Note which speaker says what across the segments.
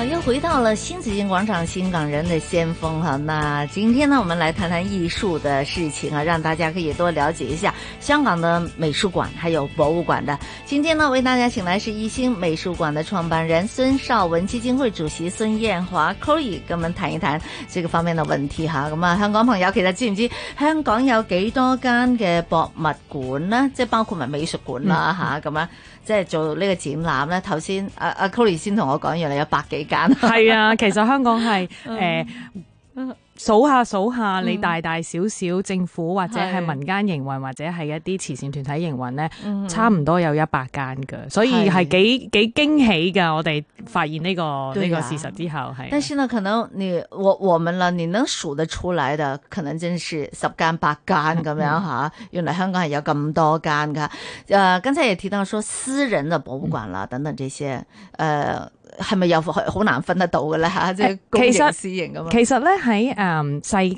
Speaker 1: 啊、又回到了新紫荊廣場，新港人的先鋒哈、啊。那今天呢，我們來談談藝術的事情啊，讓大家可以多了解一下香港的美術館還有博物館的。今天呢，為大家請來是一新美術館的創辦人孫少文基金會主席孫燕華，Cory 跟我們談一談這個方面的問題吓。咁啊，香港朋友其實知唔知香港有幾多間嘅博物館呢？即係包括埋美術館啦吓，咁、嗯、啊，即係、嗯啊、做呢個展覽咧。頭、啊、先阿阿 Cory 先同我講，原來有百幾。係 啊，其實香港係誒數下數下，你大大小小，嗯、政府或者係民間
Speaker 2: 營運或者係一啲慈善團體營運咧，嗯嗯差唔多有一百間嘅，所以係幾的幾驚喜嘅。我哋發現呢、這個呢呀個事實之後，係。但是
Speaker 1: 呢，可能你我我們啦，你能數得出嚟的，可能真是十間八間咁樣吓。 原來香港係有咁多間嘅。你、呃、看，誒，剛才也提到說私人的博物館啦，等等這些，誒、呃。係咪又好難分得到嘅咧？嚇，即係公型私型咁啊！其實咧喺誒世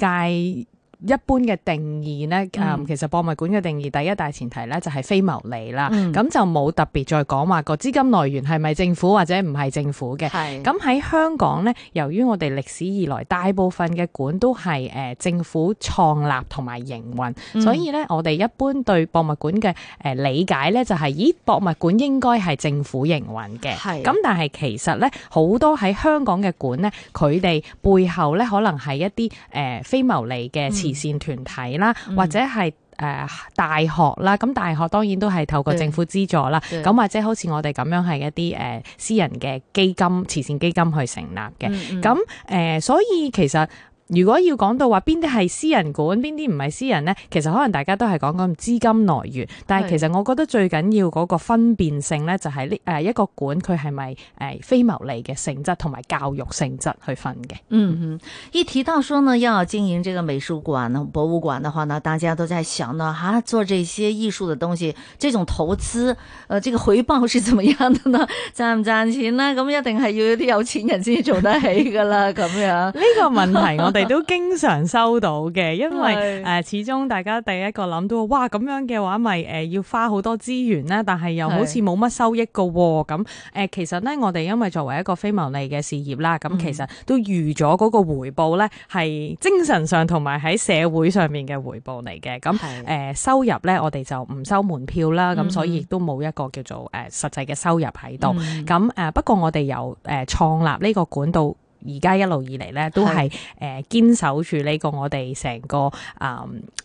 Speaker 1: 界。一般嘅定義咧，誒、嗯、其
Speaker 2: 實博物館嘅定義第一大前提咧就係非牟利啦，咁、嗯、就冇特別再講話個資金來源係咪政府或者唔係政府嘅。係是，咁喺香港咧，由於我哋歷史以來大部分嘅館都係誒、呃、政府創立同埋營運，嗯、所以咧我哋一般對博物館嘅誒理解咧就係、是、咦博物館應該係政府營運嘅。係咁是但係其實咧好多喺香港嘅館咧，佢哋背後咧可能係一啲誒、呃、非牟利嘅慈善團體啦，或者係誒、呃、大學啦，咁大學當然都係透過政府資助啦，咁或者好似我哋咁樣係一啲誒、呃、私人嘅基金、慈善基金去成立嘅，咁誒、嗯嗯呃，所以其實。如果要講到話邊啲係私人館，邊啲唔係私人呢？其實可能大家都係講講資金來源，是但係其實我覺得最緊要嗰個分辨性呢，就係呢誒一個館佢係咪誒非牟利嘅性質同埋教育性質去分嘅。
Speaker 1: 嗯嗯，一提到說呢，要經營這個美術館呢，博物館的話呢，大家都在想呢，哈、啊、做這些藝術嘅東西，這種投資，誒、呃，這個回報是怎麼樣的呢？賺唔賺錢呢？咁一定係要有啲有錢人先至做得起噶啦，咁樣。
Speaker 2: 呢 個問題我。 我哋都經常收到嘅，因為誒始終大家第一個諗到，哇，咁樣嘅話，咪誒要花好多資源啦，但係又好似冇乜收益嘅。咁誒是，其實呢，我哋因為作為一個非牟利嘅事業啦，咁、嗯、其實都預咗嗰個回報呢，係精神上同埋喺社會上面嘅回報嚟嘅。咁誒、嗯、收入呢，我哋就唔收門票啦，咁、嗯、所以亦都冇一個叫做誒實際嘅收入喺度。咁誒、嗯、不過我哋有誒創立呢個管道。而家一路以嚟咧，都係誒堅守住呢個我哋成個誒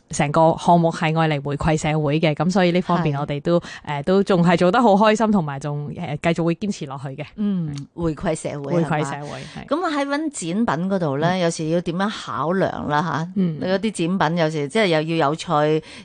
Speaker 2: 成的個項目係愛嚟回饋社會嘅，咁所以呢方面我哋都誒的、呃、都仲係做得好開心，同埋仲
Speaker 1: 誒繼續會堅持落去嘅。嗯，回饋社會，回饋社會。咁喺搵展品嗰度咧，嗯、有時要點樣考量啦嚇？嗯，有啲展品有時即係又要有趣，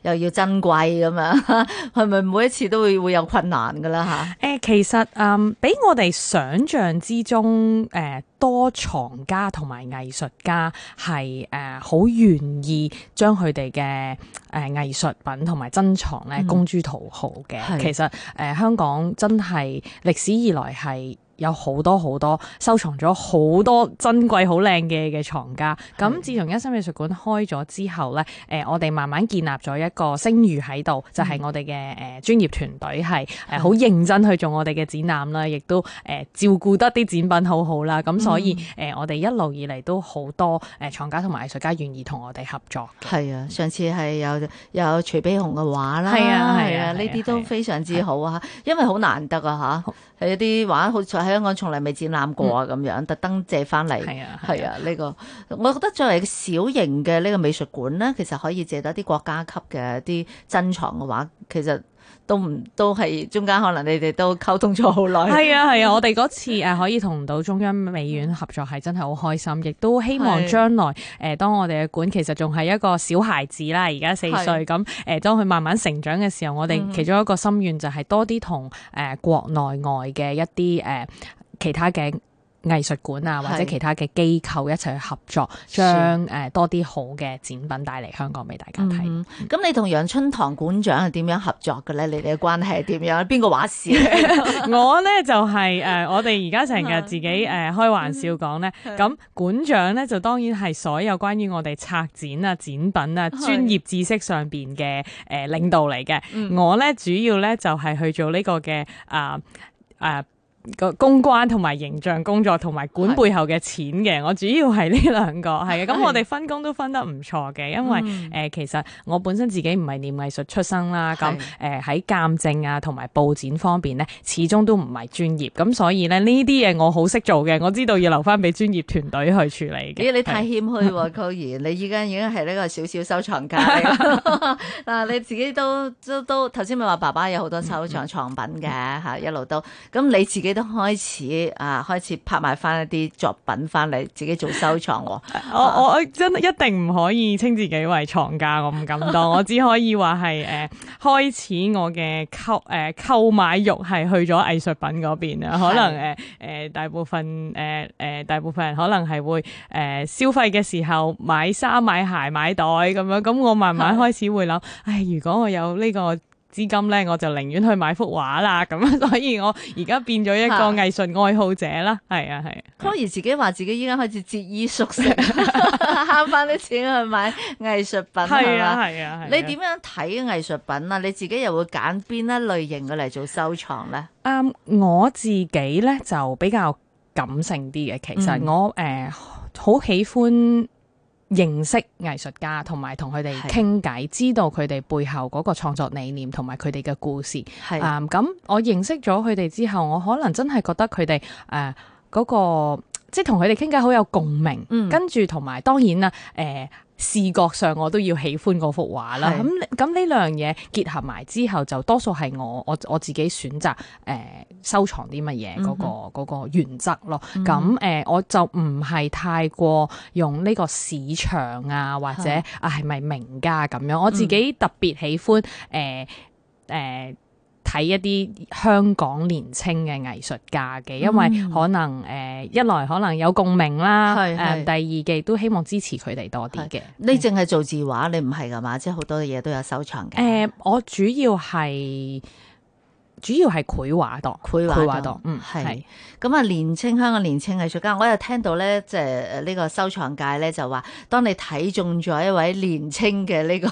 Speaker 1: 又要珍貴咁樣，係 咪每一次都會會有困難噶啦嚇？誒、呃，其
Speaker 2: 實誒、呃，比我哋想象之中誒。呃呃呃多藏家同埋藝術家係誒好願意將佢哋嘅誒藝術品同埋珍藏咧公諸同好嘅，嗯、其實誒、呃、香港真係歷史以來係。有好多好多收藏咗好多珍貴好靚嘅嘅藏家，咁自從一新美術館開咗之後咧，誒我哋慢慢建立咗一個聲譽喺度，就係我哋嘅誒專業團隊係誒好認真去做我哋嘅展覽啦，亦都誒照顧得啲展品好好啦，咁所以誒我哋一路以嚟
Speaker 1: 都好多誒藏家同埋藝術家願意同我哋合作。係啊，上次係有有徐悲鴻嘅畫啦，係啊係啊，呢啲都非常之好啊，因為好難得啊吓，係一啲畫好喺香港從來未展覽過、嗯、啊，咁樣特登借翻嚟，係啊，係啊，呢、呢個我覺得作為小型嘅呢個美術館咧，其實可以借到一啲國家級嘅啲珍藏嘅畫，其實。都唔都係中間，可能你哋都溝通咗好耐。係啊，係啊，我
Speaker 2: 哋嗰次誒可以同到中央美院合作，係真係好開心，亦都希望將來誒是、呃，當我哋嘅館其實仲係一個小孩子啦，而家四歲，咁誒是、呃、當佢慢慢成長嘅時候，我哋其中一個心願就係多啲同誒國內外嘅一啲誒、呃、其他嘅。藝術館啊，或者其他嘅機構一齊
Speaker 1: 去合作，將誒多啲好嘅展品帶嚟香港俾大家睇。咁、嗯、你同楊春堂館長係點樣合作嘅咧？你哋嘅關係係點樣？邊個話事？ 我
Speaker 2: 咧就係、是、誒、呃，我哋而家成日自己誒、呃、開玩笑講咧。咁館、 嗯嗯、長咧就當然係所有關於我哋策展啊、展品啊、專業知識上邊嘅誒領導嚟嘅。嗯、我咧主要咧就係、是、去做呢個嘅啊誒。呃呃個公關同埋形象工作同埋管背後嘅錢嘅，我主要係呢兩個係嘅。咁我哋分工都分得唔錯嘅，因為誒、嗯呃，其實我本身自己唔係念藝術出身啦，咁誒喺鑑證啊同埋布展方面咧，始終都唔係專業，咁所以咧呢啲嘢我好識做嘅，我知道要留翻俾專業團隊去處理
Speaker 1: 嘅。咦， 你太謙虛，Koi，你依家已經係呢個小小收藏家啦。 你自己都都都，頭先咪話爸爸有好多收藏藏品嘅吓，嗯嗯一路都咁你自己。都開始啊，開始拍賣翻一啲作品翻嚟，自己做收藏。我
Speaker 2: 我真一定唔可以稱自己為藏家，我唔敢當。我只可以話係誒，開始我嘅購誒購買欲係去咗藝術品嗰邊啦。可能誒、誒、呃、呃，大部分誒、誒、呃、呃，大部分人可能係會誒、呃、消費嘅時候買衫、買鞋、買袋咁樣。咁我慢慢開始會諗， 唉，如果我有呢、呢個。資金咧，我就寧願去買幅畫啦，咁所以我而家變咗一個藝術愛好者啦，係啊，
Speaker 1: 係、啊。當然自己話自己依家開始節衣縮食，慳返啲錢去買藝術品啦，係啊，係啊。係吧？係啊，係啊。你點樣睇藝術品啊？你自己又會揀邊一類型嘅嚟做收藏咧？啊，um,
Speaker 2: 我自己咧就比較感性啲嘅，其實我誒好、嗯呃、喜歡。認識藝術家同埋同佢哋傾偈，知道佢哋背後嗰個創作理念同埋佢哋嘅故事。係啊，咁，um，我認識咗佢哋之後，我可能真係覺得佢哋誒嗰個。即係同佢哋傾偈好有共鳴，嗯、跟住同埋當然啦，誒、呃、視覺上我都要喜歡嗰幅畫啦。咁咁呢兩樣嘢結合埋之後，就多數係我我我自己選擇誒、呃、收藏啲乜嘢嗰個嗰個原則咯。咁誒、嗯哼呃、我就唔係太過用呢個市場啊，或者是啊係咪名家咁樣？我自己特別喜歡誒誒。呃呃呃睇一啲香港年青嘅藝術家嘅，因為可能誒、嗯呃、一來可能有共鳴啦，誒是是 第
Speaker 1: 二嘅都希望支持佢哋多啲嘅。你淨係做字畫，你唔係㗎嘛？即係好多嘢都有收藏嘅。誒、呃，我主要係。主要係繪畫度，繪畫度，嗯，係是。咁啊、嗯嗯，年青香港年青藝術家，我又聽到咧，即係呢個收藏界咧就話，當你睇中咗一位年青嘅呢個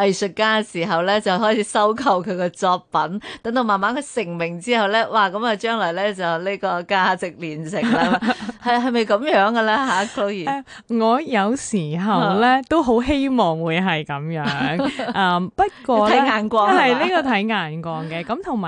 Speaker 1: 藝術家嘅時候咧，就開始收購佢嘅作品，等到慢慢佢成名之後咧，哇！咁、嗯、啊，將來咧就呢個價值連城啦。係係咪咁樣嘅咧嚇？c l a r 我有時候咧
Speaker 2: 都好希望會係咁樣。 嗯，不過睇眼光係呢個睇眼光嘅。咁同埋。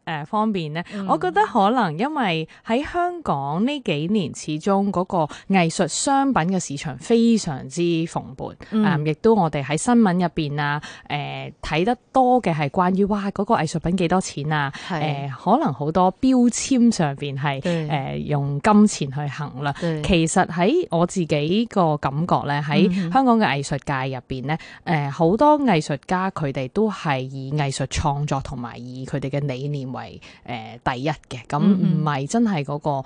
Speaker 2: 誒、呃、方便呢，嗯、我覺得可能因為喺香港呢幾年，始終嗰個藝術商品嘅市場非常之蓬勃、嗯，啊、呃，亦都我哋喺新聞入邊啊，誒、呃、睇得多嘅係關於哇嗰、嗰個藝術品幾多錢啊，誒是、呃、可能好多標籤上邊係誒用金錢去衡量，是其實喺我自己個感覺咧，喺香港嘅藝術界入邊呢，誒好、嗯哼呃、多藝術家佢哋都係以藝術創作同埋以佢哋嘅理念。為誒、呃、第一嘅，咁唔係真係嗰、嗰個誒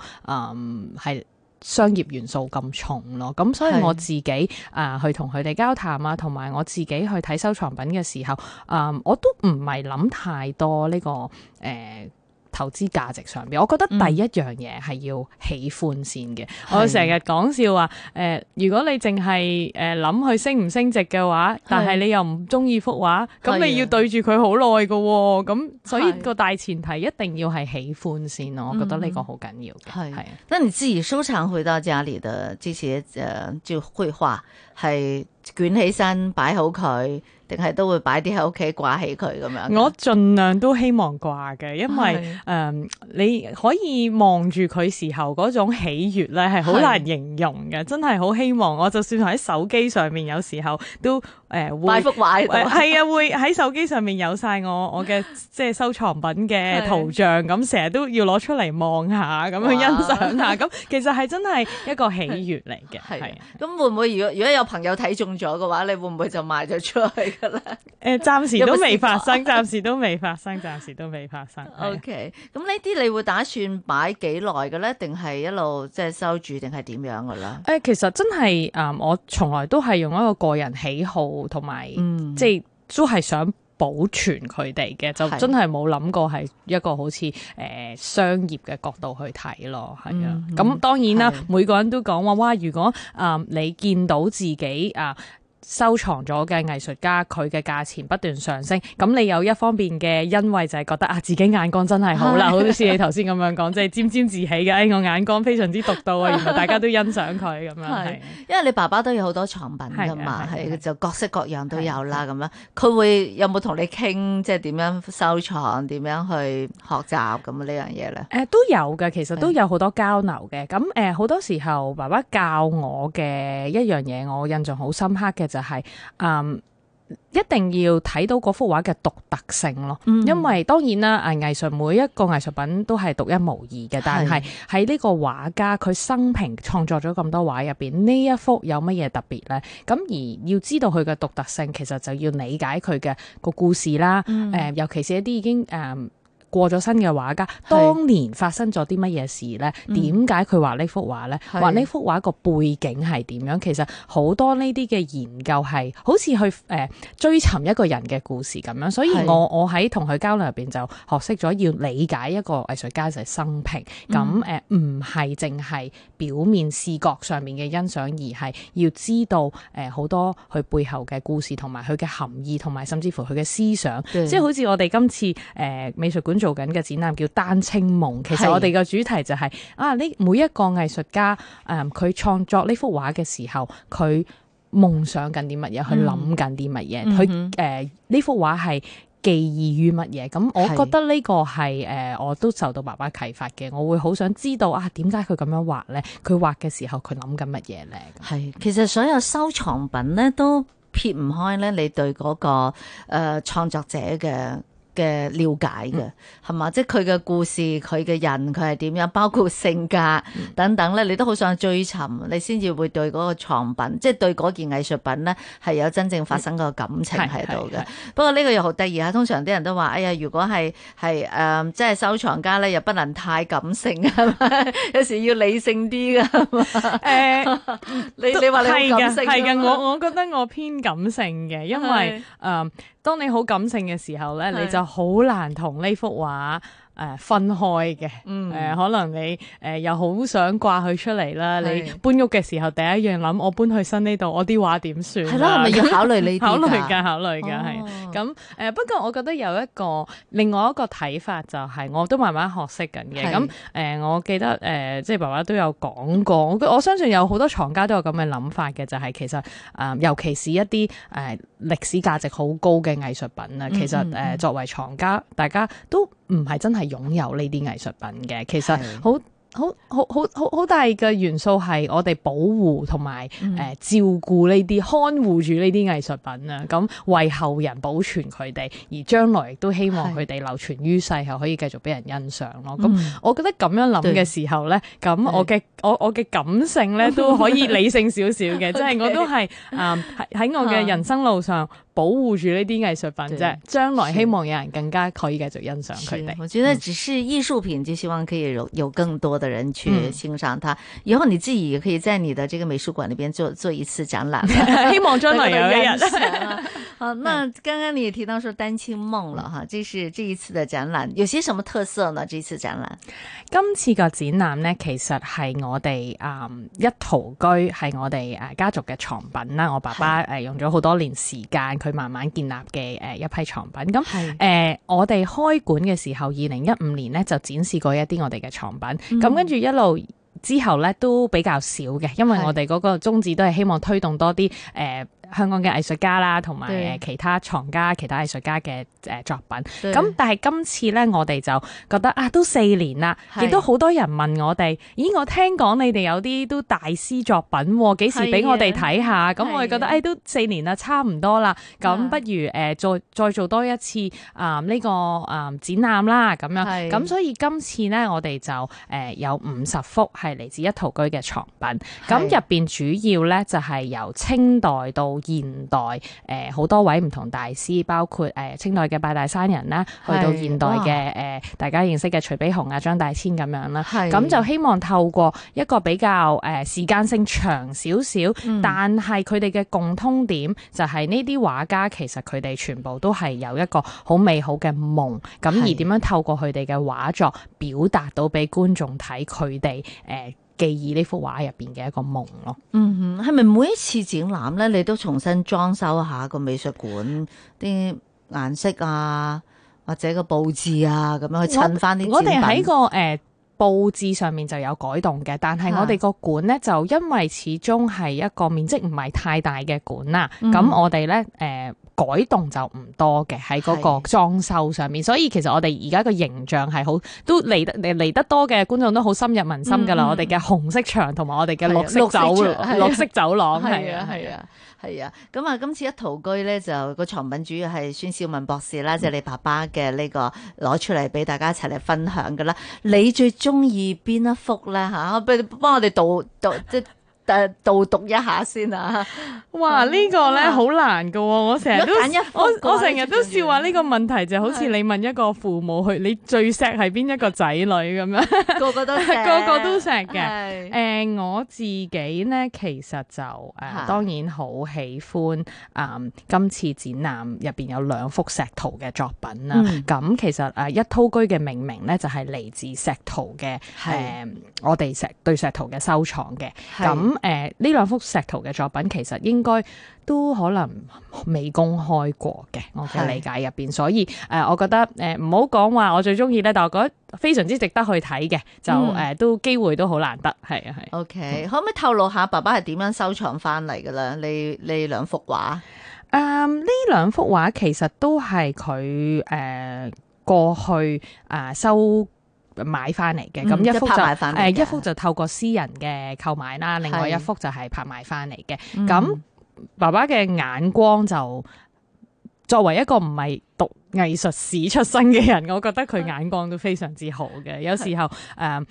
Speaker 2: 係、嗯、商業元素咁重咯，咁所以我自己啊是、呃、去同佢哋交談啊，同埋我自己去睇收藏品嘅時候，誒、呃、我都唔係諗太多呢、呢個誒。呃投資價值上邊，我覺得第一樣嘢係要喜歡先嘅。嗯、我成日講笑話，誒、呃，如果你淨係誒諗佢升唔升值嘅話，是但係你又唔中意幅畫，咁你要對住佢好耐㗎喎。咁、啊、所以個大前提一定要係喜歡先咯。是我覺得呢個好緊要嘅。係係啊。
Speaker 1: 是是那你自己收藏回到家裏的這些誒，即係繪畫，係捲起身擺好佢。定係都會擺啲喺屋企掛起佢咁樣，我
Speaker 2: 盡量都希望掛嘅，因為誒的、呃，你可以望住佢時候嗰種喜悅咧，係好難形容嘅，的真係好希望。我就算喺手機上面，有時候都。誒，幅畫係啊，會喺手機上面有晒我我嘅即係收藏品嘅圖像，咁成日都要攞出嚟望下，咁去欣賞下，咁其實係真係一個喜悅嚟嘅。係，
Speaker 1: 咁會唔會如果如果有朋友睇中咗嘅話，你會唔會就賣咗出去㗎喇？
Speaker 2: 誒，暫時都未發生，暫時都未發生，暫時都未發生。OK，
Speaker 1: 咁呢啲你會打算擺幾耐嘅咧？定係一路即係收住，定係點樣㗎喇？誒，
Speaker 2: 其實真係誒，我從來都係用一個個人喜好。同埋，即係都係想保存佢哋嘅，的就真係冇諗過係一個好似誒、呃、商業嘅角度去睇咯，係啊。咁、嗯嗯、當然啦，的每個人都講話，哇！如果啊、呃，你見到自己啊。呃收藏咗嘅藝術家佢嘅價錢不斷上升，咁你有一方面嘅欣慰就係覺得啊自己眼光真係好啦，好似你頭先咁樣講，即係沾沾自喜嘅，我眼光非常之獨到啊，原來大家都欣賞佢咁樣。
Speaker 1: 係，因為你爸爸都有好多藏品㗎嘛，係就各式各樣都有啦咁樣。佢會有冇同你傾即係點樣收藏、點樣去學習咁呢樣嘢咧？誒都有㗎，其實都有好多交流嘅。咁誒好多時候爸爸教
Speaker 2: 我嘅一樣嘢，我印象好深刻嘅。就係、是，嗯，一定要睇到嗰幅畫嘅獨特性咯，嗯嗯，因為當然啦，誒，藝術每一個藝術品都係獨一無二嘅，但係喺呢個畫家佢生平創作咗咁多畫入邊，呢一幅有乜嘢特別咧？咁而要知道佢嘅獨特性，其實就要理解佢嘅個故事啦，誒、嗯呃，尤其是一啲已經誒。嗯過咗身嘅畫家，當年發生咗啲乜嘢事咧？點解佢畫呢、嗯、幅畫咧？話呢幅畫個背景係點樣？其實好多呢啲嘅研究係好似去誒、呃、追尋一個人嘅故事咁樣。所以我我喺同佢交流入邊就學識咗要理解一個藝術家就係生平。咁誒唔係淨係表面視覺上面嘅欣賞，而係要知道誒好多佢背後嘅故事同埋佢嘅含義，同埋甚至乎佢嘅思想。對即係好似我哋今次誒、呃、美術館。做緊嘅展覽叫《丹青夢》，其實我哋嘅主題就係啊，呢每一個藝術家誒，佢創作呢幅畫嘅時候，佢夢想緊啲乜嘢，佢諗緊啲乜嘢，佢誒呢幅畫係寄意於乜嘢？咁我覺得呢個係誒，我都受到爸爸啟發嘅，我會好想知道啊，點解佢咁樣畫咧？佢畫嘅時候佢諗緊乜嘢
Speaker 1: 咧？係，其實所有收藏品咧都撇唔開咧，你對嗰、那個誒創、呃、作者嘅。嘅了解嘅，係嘛？即係佢嘅故事，佢嘅人，佢係點樣？包括性格等等咧，你都好想追尋，你先至會對嗰個藏品，即係對嗰件藝術品咧，係有真正發生個感情喺度嘅。嗯、不過呢個又好得意啊！通常啲人都話，哎呀，如果係係誒，um, 即係收藏家咧，又不能太感性啊，有時要理性啲噶。誒、嗯，你你話你唔感性，係嘅。我我覺
Speaker 2: 得我偏感
Speaker 1: 性嘅，因為誒。嗯
Speaker 2: 當你好感性嘅時候咧，是的 你就好難同呢幅畫誒、呃，分開嘅，誒、嗯呃，可能你誒、呃、又好想掛佢出嚟啦。是你搬屋嘅時候，第一樣諗，我搬去新呢度，我啲畫點算？係啦，係咪要考慮呢啲？考慮噶，考慮噶，係、哦。咁誒、呃，不過我覺得有一個，另外一個睇法就係、是，我都慢慢學識緊嘅。咁誒是、呃，我記得誒、呃，即係爸爸都有講過，我我相信有好多藏家都有咁嘅諗法嘅，就係、是、其實誒、呃，尤其是一啲誒歷史價值好高嘅藝術品啊，其實誒、嗯嗯嗯，作為藏家，大家都。唔係真係擁有呢啲藝術品嘅，其實的好好好好好好大嘅元素係我哋保護同埋誒照顧呢啲看護住呢啲藝術品啊，咁為後人保存佢哋，而將來亦都希望佢哋流傳於世後可以繼續俾人欣賞咯。咁的我覺得咁樣諗嘅時候咧，咁對我嘅。我我嘅感性咧都可以理性少少嘅，即係 Okay, 我都係啊喺我嘅人生路上保護住呢啲藝術品啫。是將來希望有人更加可以繼續欣
Speaker 1: 賞佢哋。我覺得只是藝術品就希望可以有有更多的人去欣賞它。嗯、以後你自己也可以在你的這個美術館裏邊做做一次展覽， 希望將來有一日。 好，那剛剛你也提到說丹青夢了哈，嗯、這是這一次的展覽，有些什麼特色呢？這一次展覽，
Speaker 2: 今次個展覽呢，其實係我。我哋誒一陶居係我哋誒家族嘅藏品啦，我爸爸誒用咗好多年時間，佢慢慢建立嘅誒一批藏品。咁誒的、呃，我哋開館嘅時候，二零一五年咧就展示過一啲我哋嘅藏品。咁、嗯、跟住一路之後咧都比較少嘅，因為我哋嗰個宗旨都係希望推動多啲誒。呃香港嘅藝術家啦，同埋誒其他藏家、其他藝術家嘅誒作品。咁對但係今次咧，我哋就覺得啊，都四年啦，亦都好多人問我哋，咦？我聽講你哋有啲都大師作品，幾時俾我哋睇下？咁的我哋覺得誒、哎、都四年啦，差唔多啦。咁不如誒、啊、再再做多一次啊呢、呢個啊展覽啦。咁樣，咁是、啊啊、所以今次咧，我哋就誒有五十幅係嚟自一陶居嘅藏品。咁是是入邊主要咧就係由清代到到現代誒好、呃、多位唔同大師，包括誒、呃、清代嘅八大山人啦，去是到現代嘅誒、啊呃、大家認識嘅徐悲鴻啊、張大千咁樣啦，咁是就希望透過一個比較誒、呃、時間性長少少，嗯、但係佢哋嘅共通點就係呢啲畫家其實佢哋全部都係有一個好美好嘅夢，咁是而點樣透過佢哋嘅畫作表
Speaker 1: 達到俾觀眾睇佢哋誒。呃呃記憶呢幅畫入邊嘅一個夢咯，嗯哼，係咪每一次展覽咧，你都重新裝修下個美術館啲顏色啊，或者個布置啊，咁樣去襯翻啲。我哋喺個誒。呃
Speaker 2: 佈置上面就有改動嘅，但係我哋個館呢，就因為始終係一個面積唔係太大嘅館啦，咁、嗯、我哋呢，誒改動就唔多嘅喺嗰個裝修上面，是所以其實我哋而家個形象係好都嚟得嚟嚟得多嘅觀眾都好深入民心㗎啦，嗯、我哋嘅紅色牆同埋我哋嘅綠色走綠色走廊，綠色走廊係
Speaker 1: 啊係啊係啊，咁啊，啊，啊，啊今次一陶居呢，就個藏品主要係孫少文博士啦，即、就、係、是、你爸爸嘅呢、這個攞出嚟俾大家一齊嚟分享㗎啦，你最，最。中意邊一幅咧？嚇、啊？幫我哋導導即係誒，導讀一下先啊！哇，呢個咧好難嘅喎，我成日都我我成日都笑
Speaker 2: 話呢個問題，就好似你問一個父母去，你最錫係邊一個仔女咁樣？個個都錫，個個都錫嘅。誒，我自己咧其實就誒，當然好喜歡。嗯，今次展覽入邊有兩幅石濤嘅作品啦。咁其實誒，一濤居嘅命名咧就係嚟自石濤嘅誒，我哋石對石濤嘅收藏嘅。咁誒，呢、呃、兩幅石濤嘅作品其實應該都可能未公開過嘅，我嘅理解入邊，是所以誒、呃，我覺得誒，唔好講話我最中意咧，但係我覺得非常之值得去睇嘅，
Speaker 1: 就誒，
Speaker 2: 都、嗯呃、機會都好難得，係啊，係。O Okay ,
Speaker 1: K，、嗯、可唔可以透露下爸爸係點樣收藏翻嚟噶啦？呢你，你兩幅畫？誒、嗯，呢兩幅畫其
Speaker 2: 實都係佢誒過去啊、呃、收買翻嚟嘅，咁、嗯、一幅就誒、呃、一幅就透過私人嘅購買啦，另外一幅就係拍賣翻嚟嘅。咁爸爸嘅眼光就作為一個唔係讀藝術史出身嘅人，我覺得佢眼光都非常之好嘅。是有時候誒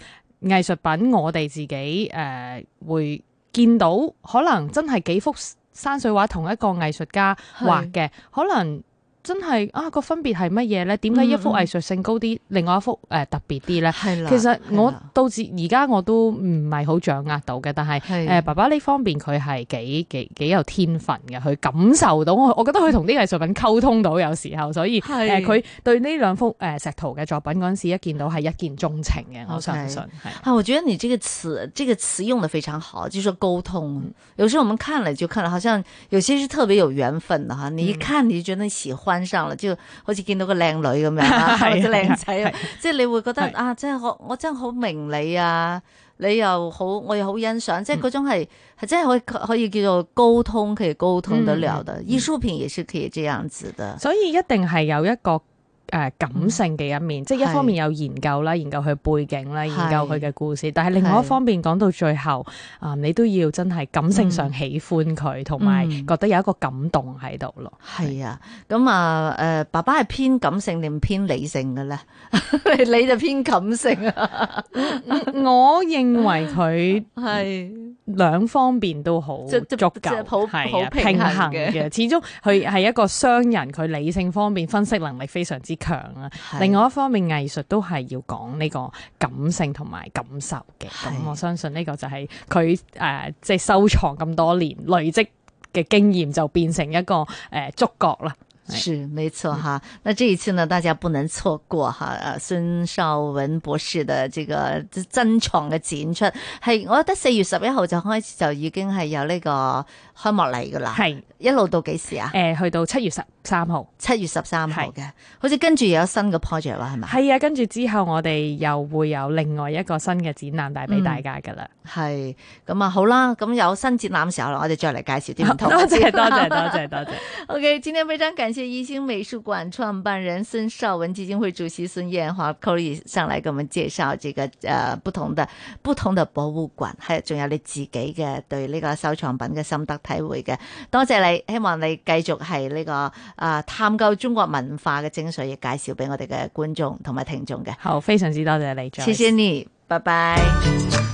Speaker 2: 藝術品，我哋自己誒、呃、會見到，可能真係幾幅山水畫同一個藝術家畫嘅，是可能。真係啊個分別係乜嘢咧？點解一幅藝術性高啲，另外一幅誒特別啲咧？係啦，其實我到而家我都唔係好掌握到嘅。但係誒爸爸呢方面佢係幾幾幾有天分嘅，佢感受到我，我覺得佢同啲藝術品溝通到有時候，所以誒佢對呢兩幅誒石頭嘅作品嗰陣時一見到係一見鐘情嘅，我相信
Speaker 1: 係啊。我覺得你這個詞，這個詞用得非常好，就係溝通。有時我們看了就看了，好像有些是特別有緣分嘅哈。你一看你就覺得喜歡。身上啦，即係好似見到個靚女咁樣啊，或者靚仔啊，即係你會覺得啊，即係我我真係好明你啊，你又好我又好欣賞，即係種係係真係可以可以叫做溝通，可以溝通得了的，藝術品也是可以這樣子的，所以一定係有一個。誒，感性嘅一面，即係一方面有研究啦，研究佢
Speaker 2: 背景啦，研究佢嘅故事。但係另外一方面，講到最後啊，你都要真係感性上
Speaker 1: 喜歡佢，同埋覺得有一個感動喺度咯。係啊，咁啊，誒，爸爸係偏感性定偏理性嘅咧？你就偏感性啊？我認為佢係兩方面
Speaker 2: 都好足夠，好平衡嘅。始終佢係一個商人，佢理性方面分析能力非常之。強啊！另外一方面，藝術都係要講呢個感性同埋感受嘅，咁是我相信呢個就係佢誒，即、呃、係、就是、收藏
Speaker 1: 咁多年累積嘅經驗，就變成一個誒觸覺啦。呃是，沒錯吓是、啊，那這一次呢，大家不能錯過哈。孫、啊、少文博士的這個珍藏嘅展出，係我覺得四月十一號就開始就已經係有呢個開幕禮噶啦。係是一路到幾時啊？誒、呃，去到七月十三號。七月十三號嘅，是好似跟住有新嘅 project 啦，係咪？係啊，跟住之後我哋又會有另外一個新嘅展覽帶俾大家噶啦。係咁啊，好啦，咁有新展覽嘅時候啦，我哋再嚟介紹啲唔同嘅。多謝多謝多謝多謝。多謝多謝 OK，今天非常勁。謝一新美術館創辦人孫少文基金會主席孫燕華 Koly 上來跟我們介紹這個，呃，不同的不同的博物館，係仲有你自己嘅對呢個收藏品嘅心得體會嘅。多謝你，希望你繼續係呢、這個，啊、呃，探究中國文化嘅精髓紹，亦介紹俾我哋嘅觀眾同埋聽眾嘅。好，非常之多謝你，謝謝你，拜拜。